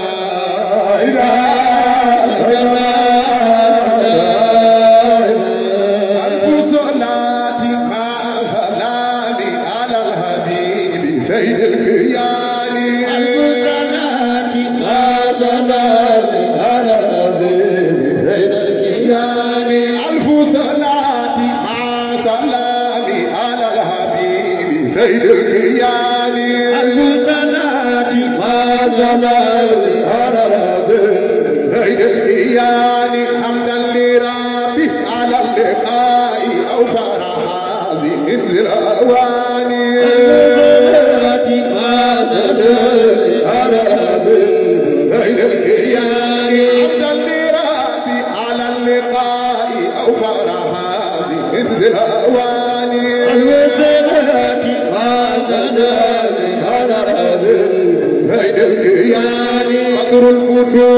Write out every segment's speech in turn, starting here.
إله إلا Thank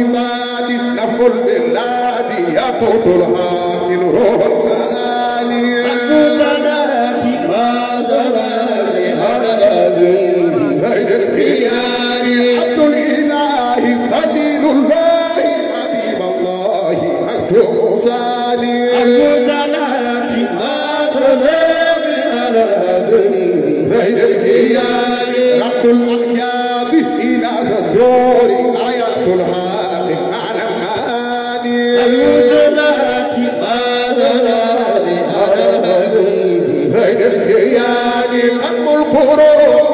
غرور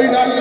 لا إله إلا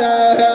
la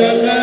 لا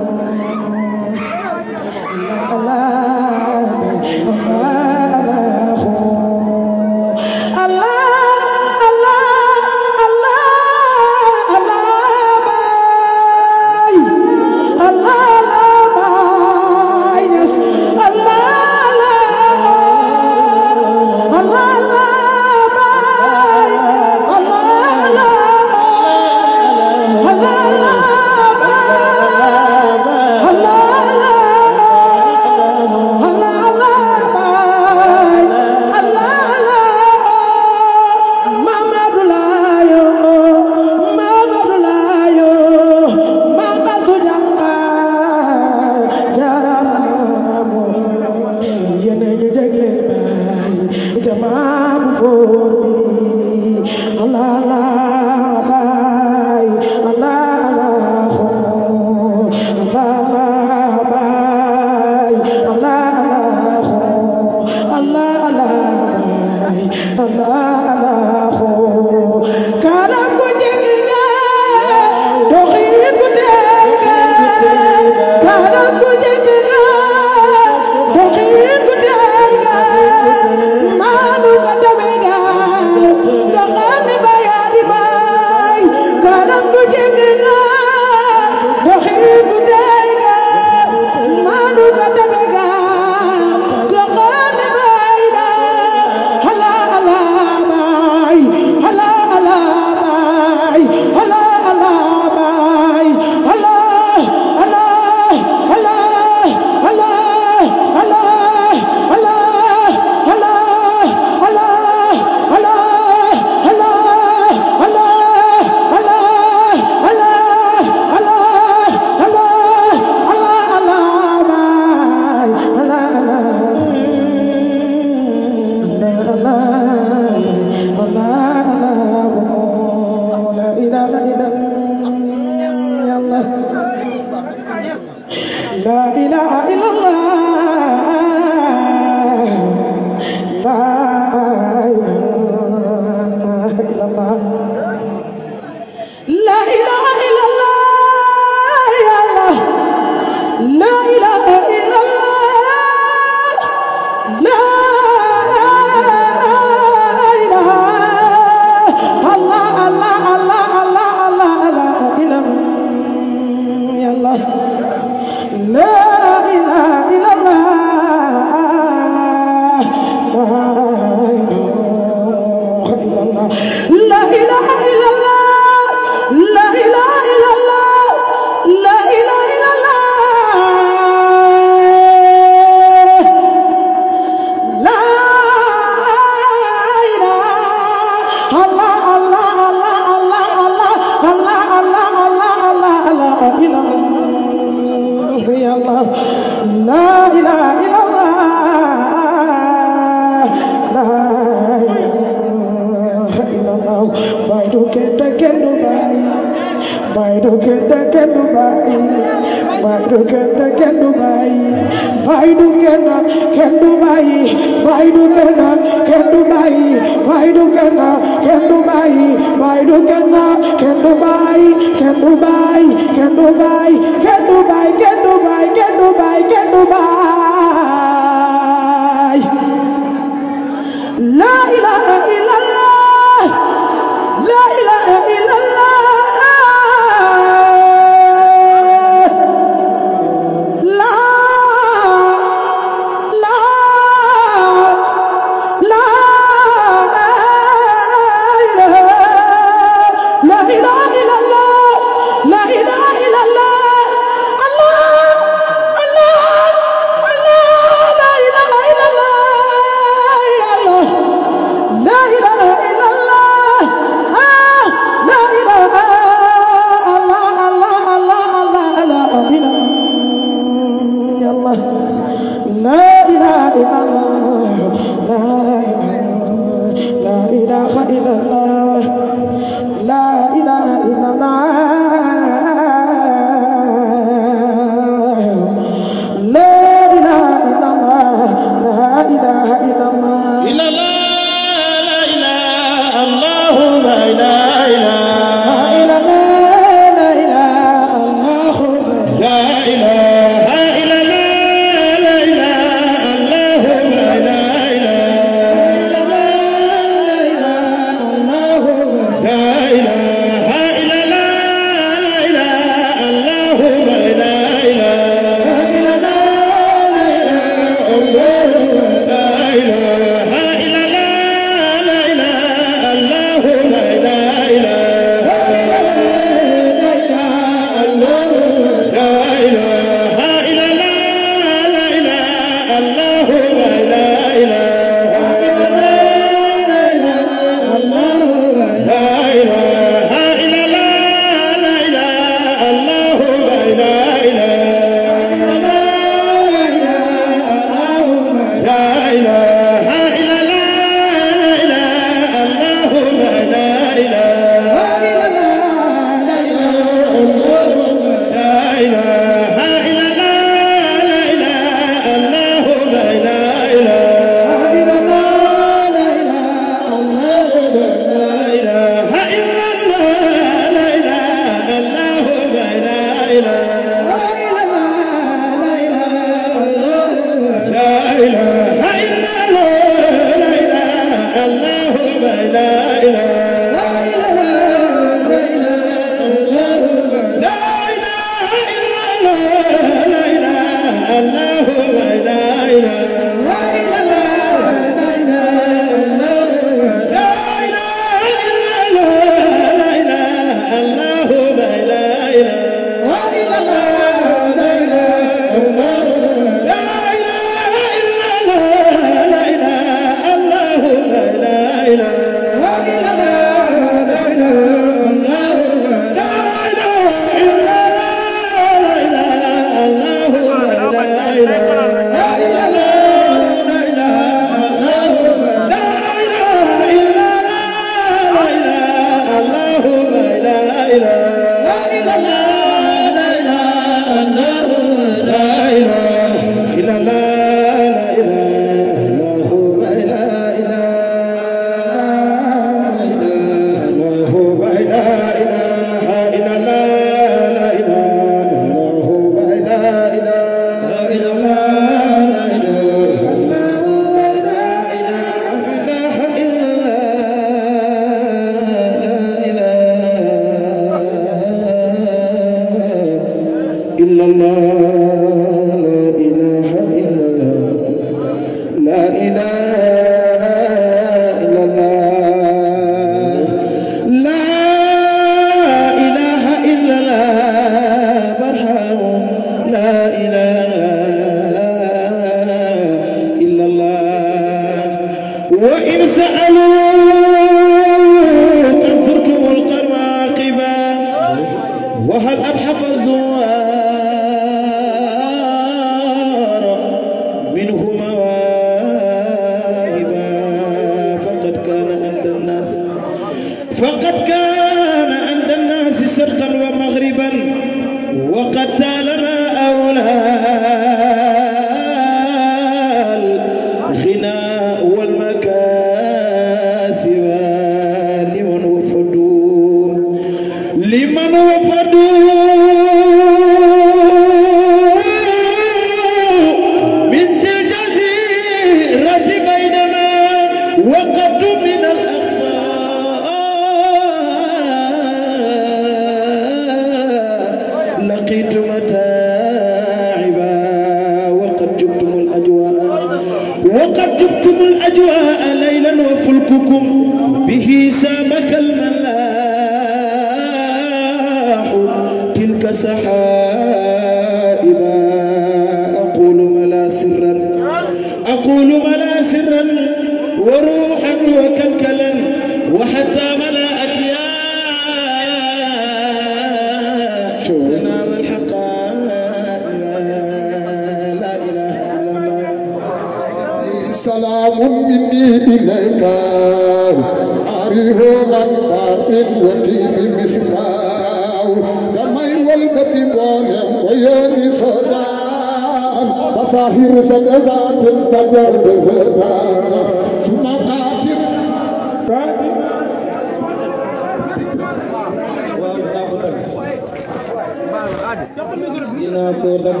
dinaa ko dagg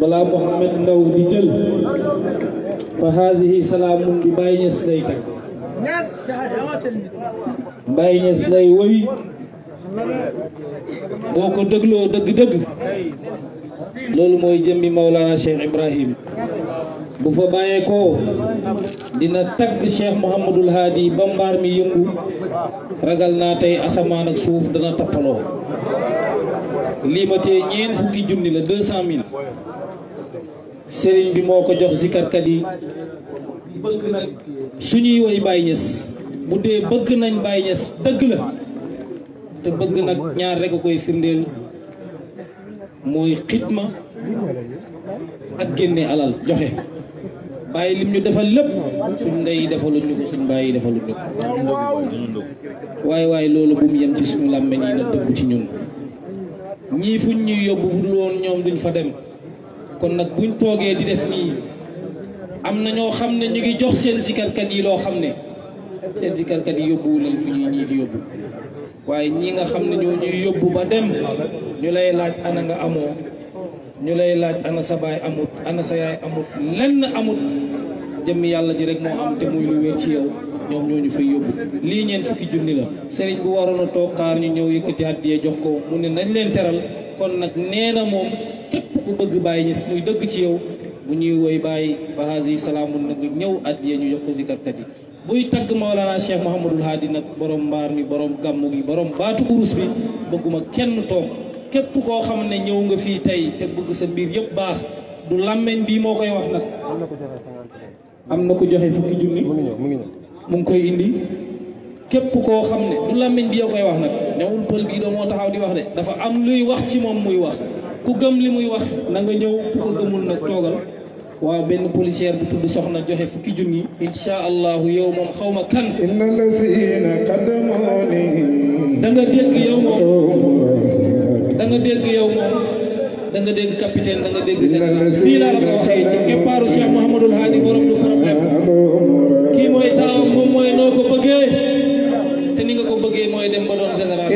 balaa Mouhamed Ndaw di jël fa haasihi salaamun bi Baye Niass lay tag Baye Niass lay woy boo ko dégloo dëgg-dëgg loolu mooy jëmmi Maulana Cheikh Ibrahim bu fa bàyyeekoo dina tagg Cheikh Mouhamadul Haadi ba mbaar mi yëngu ragal naa tey asamaan ak suuf dana tappaloo lii ma fukki junni la deux cent mille sëriñ bi moo ko jox zikarkat yi bëgg nag suñuy woy Baye Niass bu dee bëgg nañ Baye Niass dëgg la te bëgg nag ñaar rek koy firndeel mooy xitma ak génne alal joxe bàyyi lim ñu defal lépp suñ ndey defaluñ ñu ko suñ bàyyi defaluñ ñu ko waaye waaye loolu bu mu yem ci suñu làmmeñ yi na dëgg ci ñun ñii fuñ ñuy yóbbu bu dul woon ñoom duñ fa dem kon nag buñ toogee di def nii am na ñoo xam ne ñu ngi jox seen sikarkat yi loo xam ne seen sikarkat yi yóbbuwu leen fu ñuy ñii di yóbbu waaye ñi nga xam ne ñoo ñuy yóbbu ba dem ñu lay laaj ana nga amoo ñu lay laaj ana sa baay amut ana sa yaay amut lenn amut jëmm yàlla ji rek moo am te muy lu wér ci yow ñoom ñoo ñu fay yóbbu lii ñeen fukki junni la sëriñ bu waroon a toog xaar ñu ñëw yëkkati àddiyee jox ko ne nañ leen teral kon nag nee na moom ku bëgg bàyyi ñes muy dëgg ci yow bu ñuy woy bàyyi fahaasi salaamun nag ñëw àddiyee ñu jox ko si karkat yi buy tagg Mawlana Cheikh Mouhamadul Haadi nag borom mbaar mi borom gàmmu gi borom baatu urus bi bëgguma kenn toog képp koo xam ne ñëw nga fii tey te bëgg sa biir yëpp baax du làmmeñ bii moo koy wax nag am na ko joxe fukki junni mu ngi koy indi képp koo xam ne du bi yoo koy wax nag newul pël bii doo moo taxaw di wax de dafa am luy wax ci moom muy wax ku gëm li muy wax na nga ñëw ku ko gëmul nag toogal waaw benn policière bu tudd soxna joxe fukki junni insha allahu yow moom xaw ma kan inna lasina qadamani da nga dégg yow moom da nga dégg yow moom da nga dégg capitaine da dégg Sénégal fii laa la ko waxee ci keppaaru Cheikh Mouhamadul Hadi borom du problème kii mooy taawam moom mooy noo ko bëggee te ni nga ko bëggee mooy dem ba doon général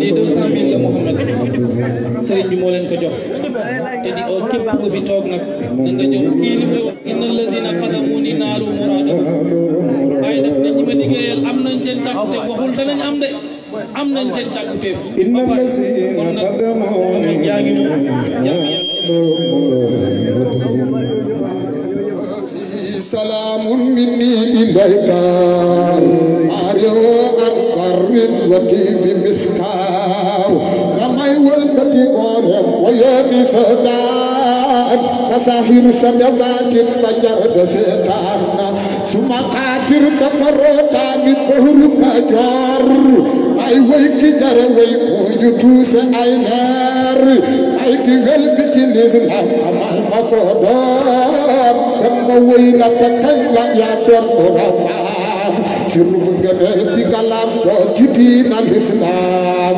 lii deux cent mille la Mouhamad sëriñ bi moo leen ko jox te di oo képp ku fi toog nag da nga kii li mu wax inna lazina qadamu ni naaru mura te a danañ am de am nañ seen càkkutéef ba pare kon nag moom bi miskaaw damay wëlbati boolem wayee bi sa a وساهر سماوات فجر سيطان ثم قادر بفروتا من بحر فجر ay way ki jara way ko ñu tuuse ay leer ay ki wel bi ci lislaam ma ko doon ma wéy na te kañ la yaa sirru gebel bi galam do ci diinal islam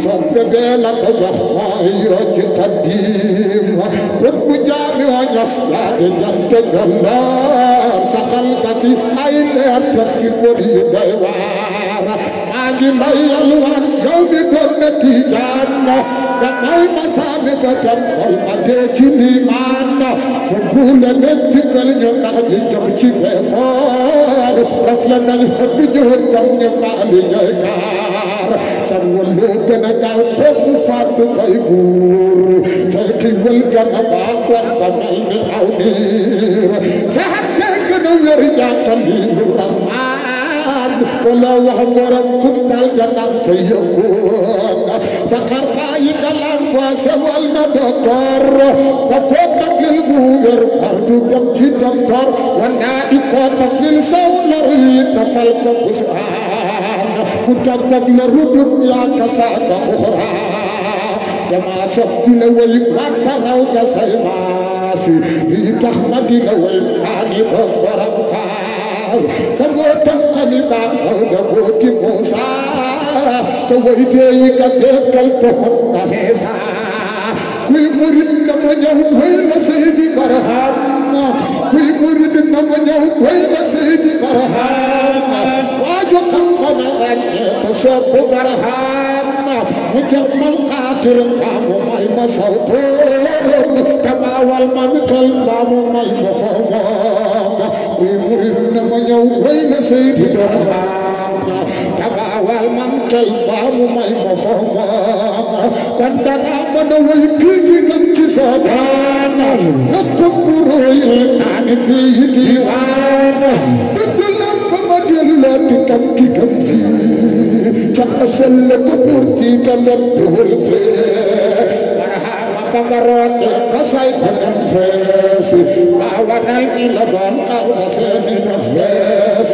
soppe bee la ko jox mooy yoo ci taddim pour bu jaami wa ñas laa di jante jondoor saxal ka fi ay leer tax ci bori doy waar ngi may yalwaan yow mi ko metti jaan no da may masaami ba tam xol ma dee ci liimaan no fu guule metti gal ñu ndax ci weekoor raf la nal xëbbi ñëwoon kam ñu maali ñooy kaar sam wallu gën a gaaw xobbu fàttu bay buur fekki wël gën a baax wan ba mel ni aw niir sa xattee a ولا وهم كنت الجنان فيكون فقر بايد الانفاس والمدكر فقوم للبوغر فرد دمجي دمتر ونائك تفلل سولر يتفلق بسران كنت قبل ردن يا كساد أخرى كما شفت لوي ما تروا كسيماسي لتحمد لوي ماني بمبرم فاس سبوي daawuda booti ka dekkal toxon na heesa kuy murit na ma ñaw way na seydi baraham kuy murit na ma ñaw way na seydi baraham waaju kam ma na ràññee ta soppu baraham mu jammal qaatir maamu may ma sawtoon may ma fawmoon kuy murit na ma ñëw way na Seydina tabaawal man kel baamu may ma fooma kon danaa mën a way kii fi gën ci soobaana na ko kuróoy naa ne kii yi diiwaana dëgg la ba ma delluwaati kam ki gën fii ca asal la ko pour tiita lépp wër fee magaroon de ba say bëgëm fees waa waral mi la doon taw ba seeni ma fees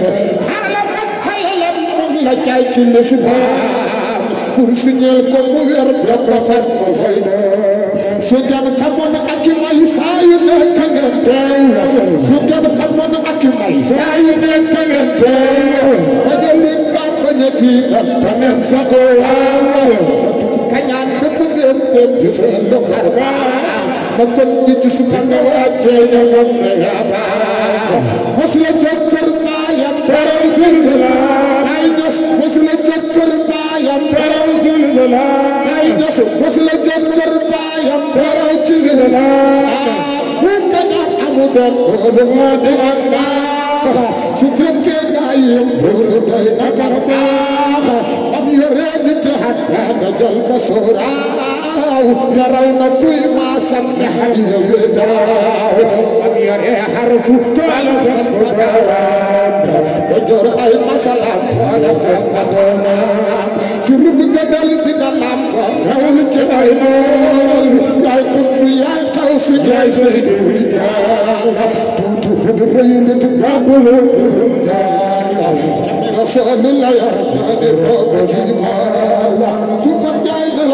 xaalam ak xalalam moom la caay ci lislaam pour signal ko mu yor da ko kon mu fay na su dem xamoon ak may saa yu nekk nga teew su dem xamoon ak may saa yu nekk nga teew ba jëli kaar ba ñetti nga tamit sa ko waaw kañaan dafa تبدي فين قربا ما تبدي جسمك وجهنا من غابا وصل جكر ما يبر زلزلا ناس وصل جكر ما يبر زلزلا ناس وصل جكر ما يبر زلزلا ممكن أمدن وبمد أمدا سفك دايم بولد أكرما أم يرد تحت نزل بصورا daaw te raw na kuy maasam ne xam yow daaw am yore xarfu toola sam daaw ba jor ay masalaam toola kamba toonaam si rub nga dal dina laam ko raw li ci ay noon yaay kub yaay xaw si yaay saydi wi jaala tuuti bu rëy nit gàmbulu jaala te mi rasoon la yor ba di boobu ci maa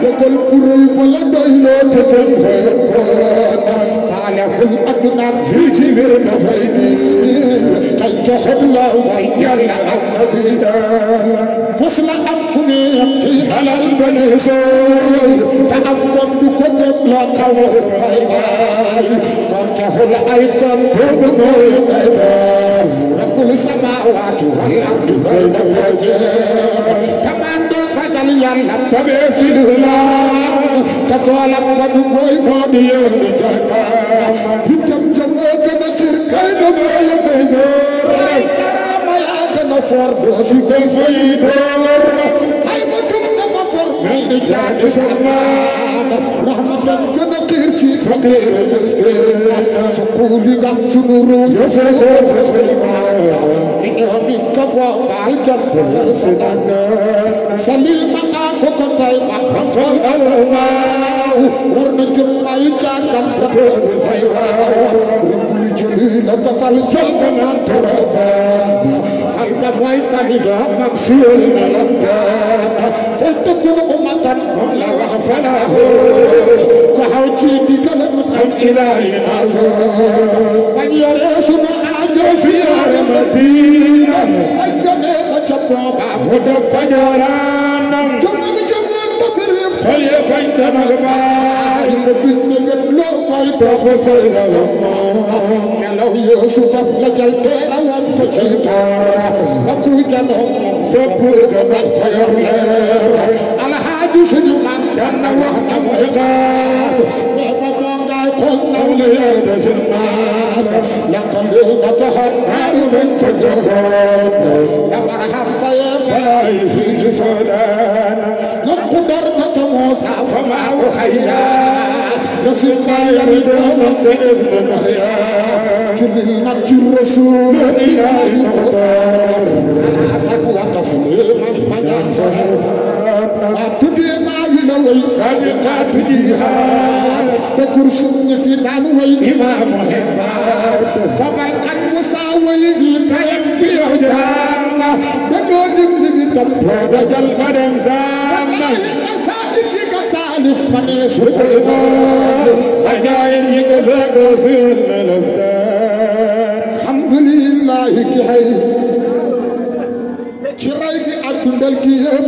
dëggal ku rëy fa la doy loo te dem fekkoona faalexul adduna fii ci biir dafay biir tey joxoon la way yàlla am na fi daan mos la am ku ne yam ci alal bane sooy te am kon du ko dem la xawal ay waay kon taxul ay kon tuubu mooy day doon rabbul samaawaati wal ardi bay na ko jeex yàlla tabee si dugub laa te toolam ko du koy moo di yéex di jox ko itam jafoo gën a sir kay na maa ya koy door ay karaama yaa gën a for doo si koy fay door ay mutum dama for mel ni jaadi sama rahmatan gën a xiir ci faqir miskin sa kuuli nga sunu ruu ya sa yoo fa sëriñ ni ñoo mi ka ko baal jàpp sa danga salima lay bàqante ay waaw war na jëm ay càkkam te toogu say waaw rabbul jëli la ko fal soog na torobaan فانت موي فريدا مغفور لك فلتكن أمة ولا وغفله وحوجي ديك المتن إلهي نازل من يرسم آجو في المدينة أجمع بجبنا بابود فجران xol ya bañ dama ko bàyyi ko bind lépp loo koy proposé la la moom melaw Yuusufa la jël teerawam fa cay taar ba ku janoom sopp ga ndax fa yor leer alxaaji suñu maam ganna wax na mooy taar ba moom ngay xool naw li yee de si maas lantam li ba taxat naaru bañ ko joxoon dama xam fa yee bàyyi fii ci soodaan yokku dar موسى فمعه حيا نسير ما يريد رب ابن محيا كل المجد الرسول إله الأبرار صلاة وتسليما من أنفار أتدي ما يلوي صادقات جهاد تكرس في نام وإمام محبار فمن قد مساوي بيتين في أجهار دنو دم دم تبو دجل قدم زام لخطا يشرق الإمام عجائب يكساك وصيرنا لبدان الحمد لله كي حي شرايك أرض بالكيب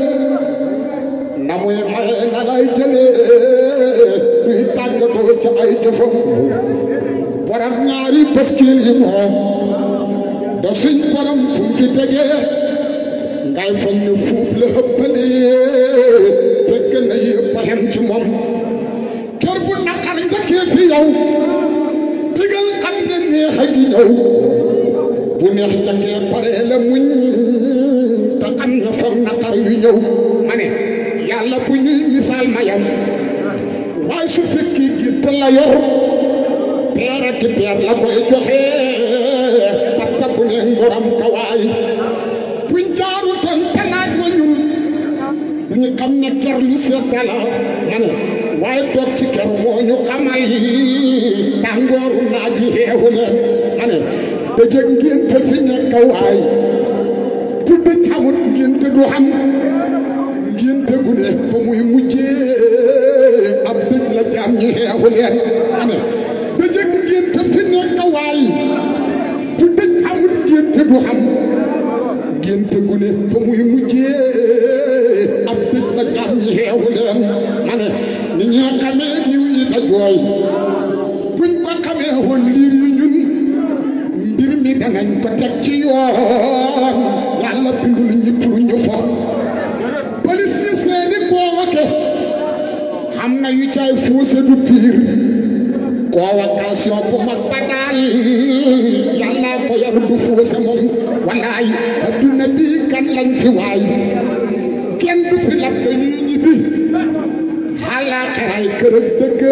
نموي معينا لايك ليه بيتاك توجه أي جفم borom ñaari baskil yi moom da suñ borom fu mu fi tegee ngay foog ne fuuf la ëppalee gën a yëpp a ci moom kër bu naqar njëkkee fi yow digal xam ne neex a gi bu neex njëkkee pare la muñ te am na foog naqar wi ñëw ma ne yàlla bu ñuy misaal mayam waaye su fekkee gi te la yor peer ak peer la koy joxe parce que bu ne ngoram kawaay ñi xam ne per lu sedda la ma ne toog ci kër moo ñu xamal naaj wi xeexu leen ma ne dëjëg ngénte fi nekk waay bu dëj xamut ngénte du xam ngénte gu ne fa muy mujjee ab dëj la jaam ñi xeexu leen ma ne dëjëg ngénte fi nekk waay bu dëj xamut ngénte du xam ngénte gu ne fa muy mujjee ak fit nag am yeewu leen ma ne ni ñoo xamee niw yi da jooy ko xamee woon liir ñun mbir mi danañ ko teg ci yoon yàlla bindul ñu fo police yi seeni convoqué am na yu caay fuuse du piir convocation bu mag ba daal yàlla ko yar du fuuse moom walaay adduna bi kan lañ fi waay fi nag dañuy ñibbi xalaataraay kër ak dëgg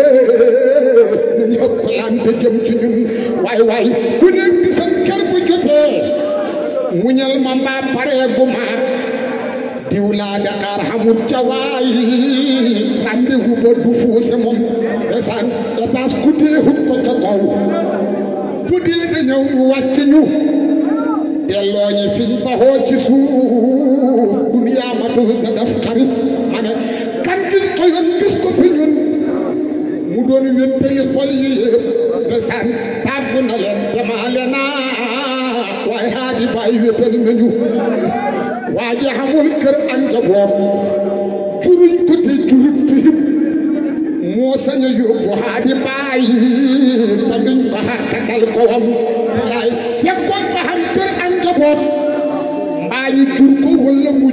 nañu ëppalante jëm ci ñun waay waay ku nekk bisam kër bu jotee muñal ma mbaa pareegu ma diw laa de xaar xamut ca du fuuse moom desaan etaas ku dee xut ko ca kaw bu dee dañëw ñu wàcc delloo ñu fiñ baxoo duniyaa ma tuxut na daf xarit ma ne kantin xëyoon gis ko fi ñun mu doon wéttali xol yi yëpp ba saan tàggu na leen jamaale naa waaye haadi bàyyi wéttali nañu waa ji xamul kër ak njaboot juruñ ko te jurut fii moo sañ a yóbbu haadi bàyyi te duñ ko xàq dal ko wam laay fekkoon fa xam kër njaboot mbaa ñu jur ko walla mu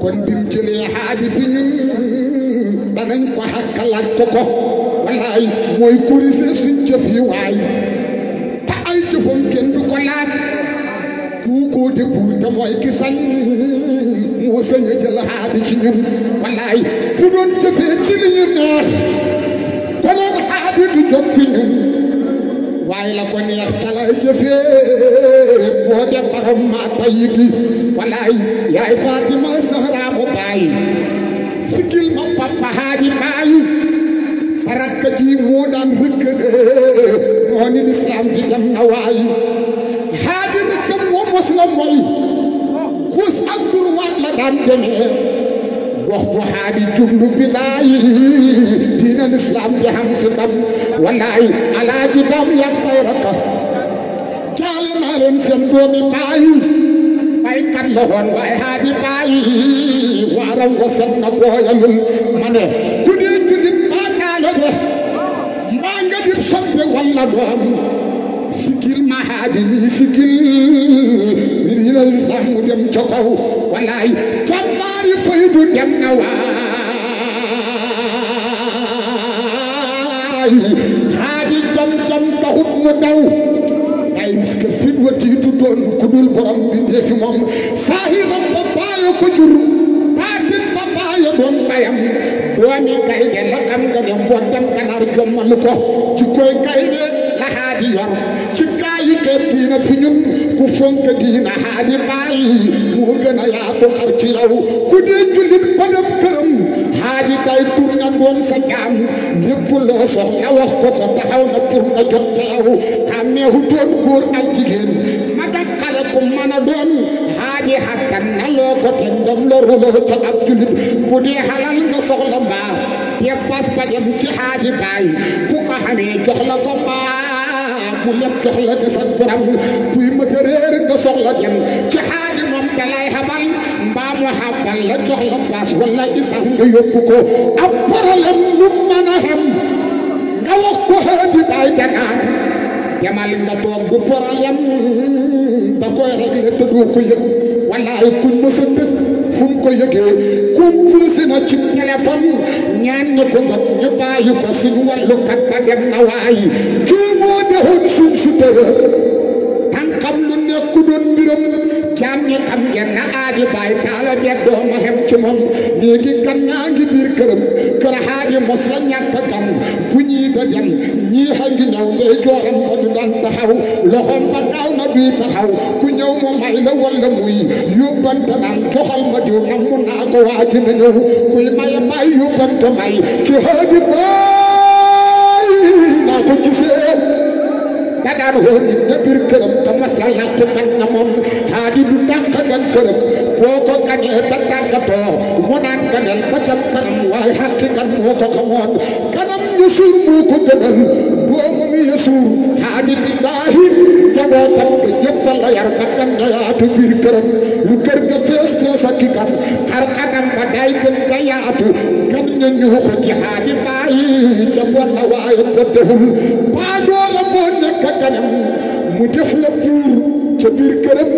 kon bim jëlee xaaji fi ñun danañ ko xakkalaat ko ko wallaay mooy corrigé suñ jëf waay te ay jëfam ko laaj kuukoo de buur te ki sañ moo sañ a jël ci ñun wallaay bu doon ci li ñu neex konoon xaaji du jóg fi ñun waaye la ko neex ca lay jëfee moo de baram maa tayi ki walaay yaay Fatima Zahra mu bàyyi sikil ma papa haaji bàyyi saraka ji moo daan rëkk moo ni lislaam di dem na waayi haaji rëkkam moo mos la mooy xuus ak durwaat la daan demee gox bu haaji jublu bilaayi diina lislaam di xam fi dam wallaay alaaji daam yàgg say rakka jaale naa leen seen doomi baay bay kat la woon waaye haadi baay waaram wa na booyalul ma ne ku di julit maa kaale mbaa nga di soppe walla doom sikil ma haadi mi sikil mi dina sàmm dem ca kaw wallaay jàmbaari fay du dem na waa wallaahi xaadi jam-jam taxut mu daw ay que fit wa tiitu doon ku dul borom bi ndeefi moom saahiram ba baayo ko jur baatin ba baayo doon bayam doomi gaynde la xam fi ñun ku fonk diina xaadi bàyyi mu gën a yaatu xar ci yow ku dee jullit ba dem haaji tay tur na doon sa jaam lépp loo soxla wax ko ko taxaw na pour nga jot ca yow xàmmeehu doon góor ak jigéen mag ak a doon haaji xattan na loo ko te ndom la ruloo ca ab julit bu dee xalal nga soxla mbaa ye pas ba dem ci haaji baay bu ko xamee jox la ko bu nekk soxla desal borom kuy mëta réer nga soxla dem ci xaadi moom dalay xabal mbaa mu xabal la jox la paas wala isax nga yóbbu ko ab problème lu mën a xam nga wax ko xaadi baay danaan demal nga toog du problème da koy réglé te doo ko yëg wallaay kuñ mës a tëj fu mu ko yëgee composé na ci téléphone ñaan ñi ko bopp ñu bàyyi ko suñu wàllukat ba dem na waxoon suñ tan xam lu nekku doon mbiram jaam ñi xam ngeen na aadi taala beeg ma xem ci moom léegi gan ñaa ngi biir këram kër xaaji mos la ñàkk gan bu ñii da dem ñii xa ngi ñëw ngay jooram ba du daan taxaw loxoom ba daaw na duy taxaw ku ñëw mu may la walla muy yóbbante naan joxal ma diw nam mu naa ko waaji na ñëw kuy maye may yóbbante may ci xaaji baay daan wër na biir këram te mas la làqu man na moom haa di du dàq nga këram boo ko ganee ba tàggatoo mu lu kër ga fees kikam xar kanam ba day gën nga yaatu gan nga ñuuxu ci haa di bàyyi jaboot la ko dehul mu def la buur ca biir këram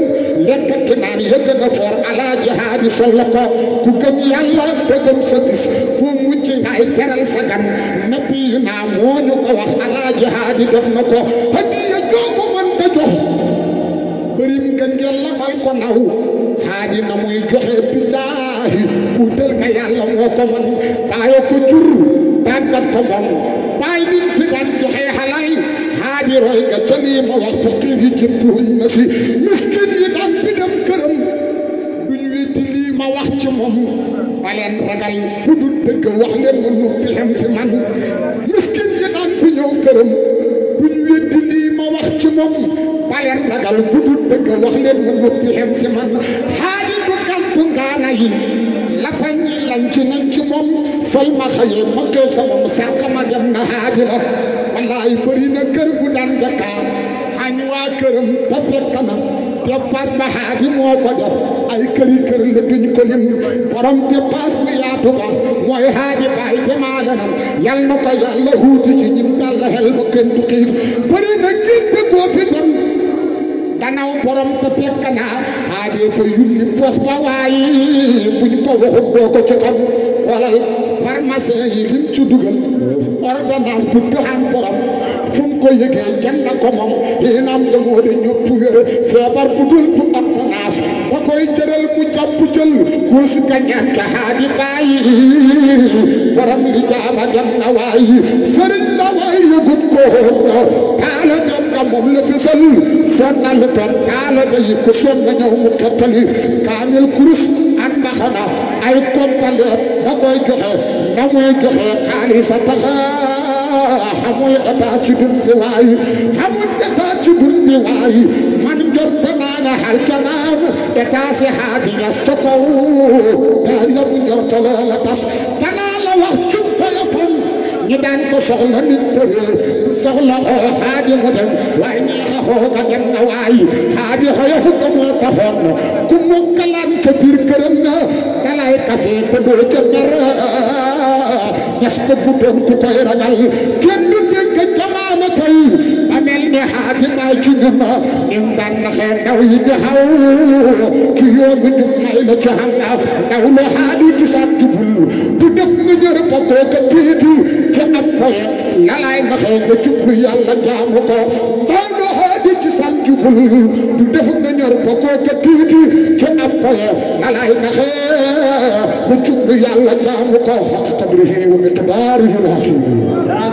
lekk ki naan yëgg na for alaaji haabi sol la ko ku gëm yàlla te gëm sa bis ku mujj ngay teral sa gan nappi naa moo ñu wax alaaji haabi def na ko hadiya joo ko mën ta jox bërim nga moo ko mën baayo ko jur tàggat ko moom baay nin fi daan joxe li roy nga tali ma wax faqiir na fi miskin yi daan fi dem këram duñ weddi lii ma wax ci moom baleen ragal bu dëgg wax leen ma noppi xam fi man miskin du gàntu ngaana yi lafañ yi ci nañ ci moom fay ma xëyee ma kër sa moom sàq ma dem na xaadi laay bëri na kër bu daan jëkkaa xañ waa këram te fekk na dépasse ba moo ko def ay këri kër la duñ ko lim borom dépasse bu yaatu ba mooy xaadi baay jamaale nam yal na ko yàlla huuti ci ñim yàlla xel ba kenn du xiif bëri na gerte boo fi dem gannaaw borom te fekk na xaadi fa yulli pos ba waaye buñ ko waxut ko ci xam xoolal pharmacien yi lim ci dugal ordonnance bu doxaan borom ko yëgee kenn na ko moom lii naam la moo di ñëpp wér feebar bu dul bu am naas ba koy jëral mu jàpp jël kuus nga ñàkk haa di bàyyi borom li jaama dem na waayi sëriñ na waay yëgut ko woon taala dem na moom la fi salul sonnal tam taala ba yi ku sonn na ñëw mu xettali kaamil kurus ak mbaxana ay kompaleet da koy joxe na muy joxe xaalis a taxa xamul état ci dund bi waay xamul état ci dund bi waay man jot naa ne xar kanam état si xaabi ñas ca kaw daa yóbbu njort loola tas wax ci téléphone ñi daan ko soxla nit bëree ku soxla oo xaabi mu dem waaye ñi xaxoo ka dem waay xaabi xoyofu ko moo taxoon na ku mu kalaan ca biir këram na dalay kafe te doo ca mer bés bu guddoon ku koy ragal kenn du dégg jamaana tey ba mel ne xaati naa ci ñun ñun daan naxee ndaw yi di xaw ci yoonu ñu nga jër ko kooka tiitu ci ab koye nalaay naxee nga jublu yàlla jaamu ko ndaw ku jub yàlla jaamu ko xaq qadrihi wa miqdaarihi